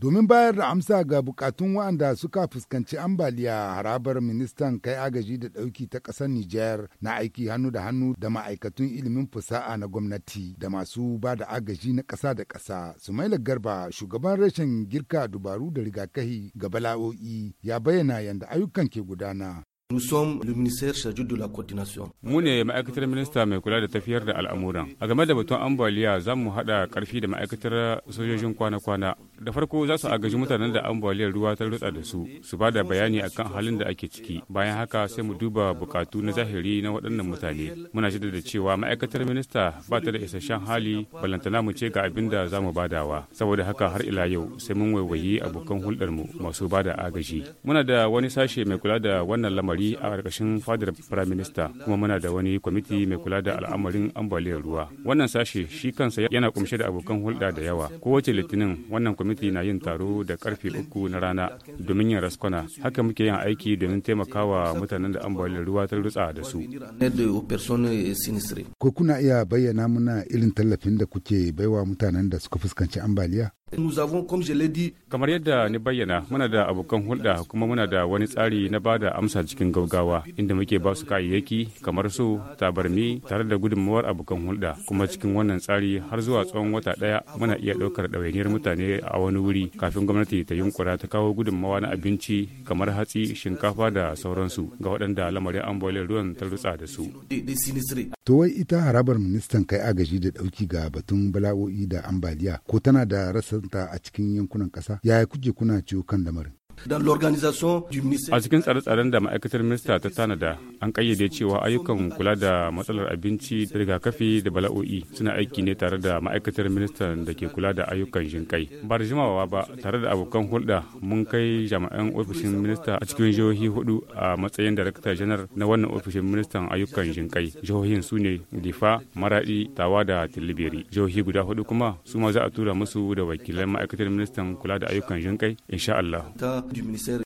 domin bayar da amsa ga bukatun waɗanda suka fuskanci ambaliya harabar ministan kai agaji da ɗauki ta ƙasar Nijar na aiki hannu da hannu da ma'aikatun ilimin fasaha na gwamnati da masu ba da agaji na ƙasa da ƙasa. Sumaila Garba shugaban rashin girka dubaru da rigakahi ga bala'o'i ya bayyana yadda ayyukan ke gudana. Nous sommes le ministère chargé de la Mu ne ma'aikatar minista mai kula da tafiyar da al'amuran. A game da batun ambaliya za mu haɗa karfi da ma'aikatar sojojin kwana-kwana da farko za su agaji mutanen da ambaliyar ruwa ta rutsa da su su ba da bayani akan halin da ake ciki bayan haka sai mu duba bukatu na zahiri na waɗannan mutane muna shida da cewa ma'aikatar minista ba ta da isasshen hali balantana mu ce ga abin da za mu badawa saboda haka har ila yau sai mun waiwayi abokan hulɗar mu masu ba da agaji muna da wani sashe mai kula da wannan lamari a ƙarƙashin fadar prime minister kuma muna da wani kwamiti mai kula da al'amarin ambaliyar ruwa wannan sashe shi kansa yana kumshe da abokan hulɗa da yawa kowace litinin wannan kwamiti kwamiti na yin taro da karfe uku na rana domin yin raskwana haka muke yin aiki domin taimakawa mutanen da ambaliyar ruwa ta rutsa da su ko kuna iya bayyana muna irin tallafin da kuke baiwa mutanen da suka fuskanci ambaliya Nous avons, comme je l'ai dit, kamar yadda ni bayyana muna da abokan hulɗa kuma muna da wani tsari na ba da amsa cikin gaugawa inda muke ba su kayayyaki kamar su tabarmi tare da gudunmawar abokan hulɗa kuma cikin wannan tsari har zuwa tsawon wata ɗaya muna iya ɗaukar ɗawainiyar mutane a wani wuri kafin gwamnati ta yunkura ta kawo gudunmawa na abinci kamar hatsi shinkafa da sauransu ga waɗanda lamarin ambaliyar ruwan ta rutsa da su. To wai ita harabar ministan kai agaji da ɗauki ga batun bala'o'i da ambaliya ko tana da rasa kasanta a cikin yankunan ƙasa yaya kuke kuna ciwo kan lamarin A cikin tsare-tsaren da ma'aikatar minista ta tanada an kayyade cewa ayyukan kula da matsalar abinci da rigakafi da bala'o'i suna aiki ne tare da ma'aikatar ministan da ke kula da ayyukan jinkai. Ba da jimawa ba tare da abokan hulɗa mun kai jami'an ofishin minista a cikin jihohi hudu a matsayin darakta janar na wannan ofishin ministan ayyukan jinkai. Jihohin su ne Difa, Maradi, Tawa da Tilibiri. Jihohi guda hudu kuma su ma za a tura musu da wakilan ma'aikatar ministan kula da ayyukan jinkai insha Allah. du ministère